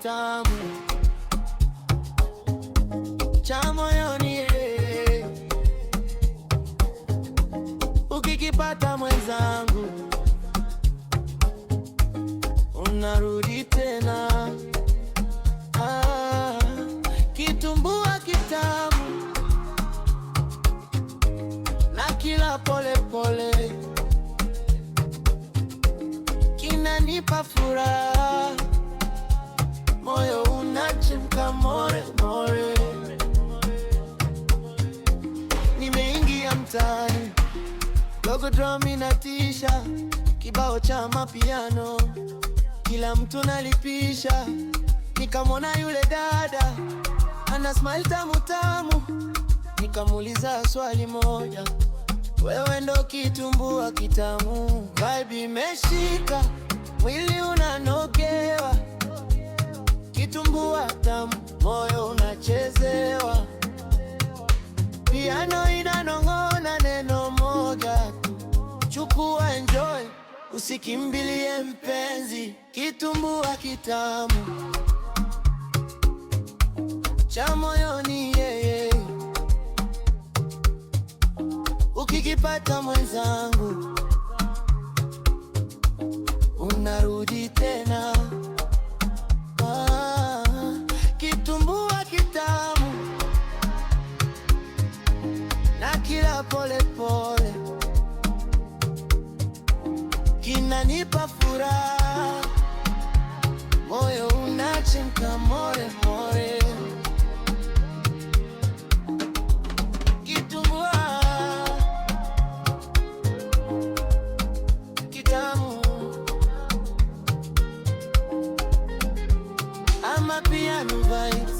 kitamu cha moyoni, eh. ukikipata mwenzangu, unarudi tena ah, kitumbua kitamu na kila polepole kinanipa furaha mtaani, logo drum inatisha, kibao cha mapiano kila mtu nalipisha. Nikamwona yule dada ana smile tamu tamu, nikamuuliza swali moja, wewe ndo kitumbua kitamu? Vibe imeshika mwili unanogewa, kitumbua tamu, moyo unache usikimbilie mpenzi, kitumbua kitamu cha moyoni yeye, ukikipata mwenzangu, unarudi tena ah, kitumbua kitamu na kila polepole inanipa furaha, moyo unachemka more more. Kitumbua kitamu, ama piano vibes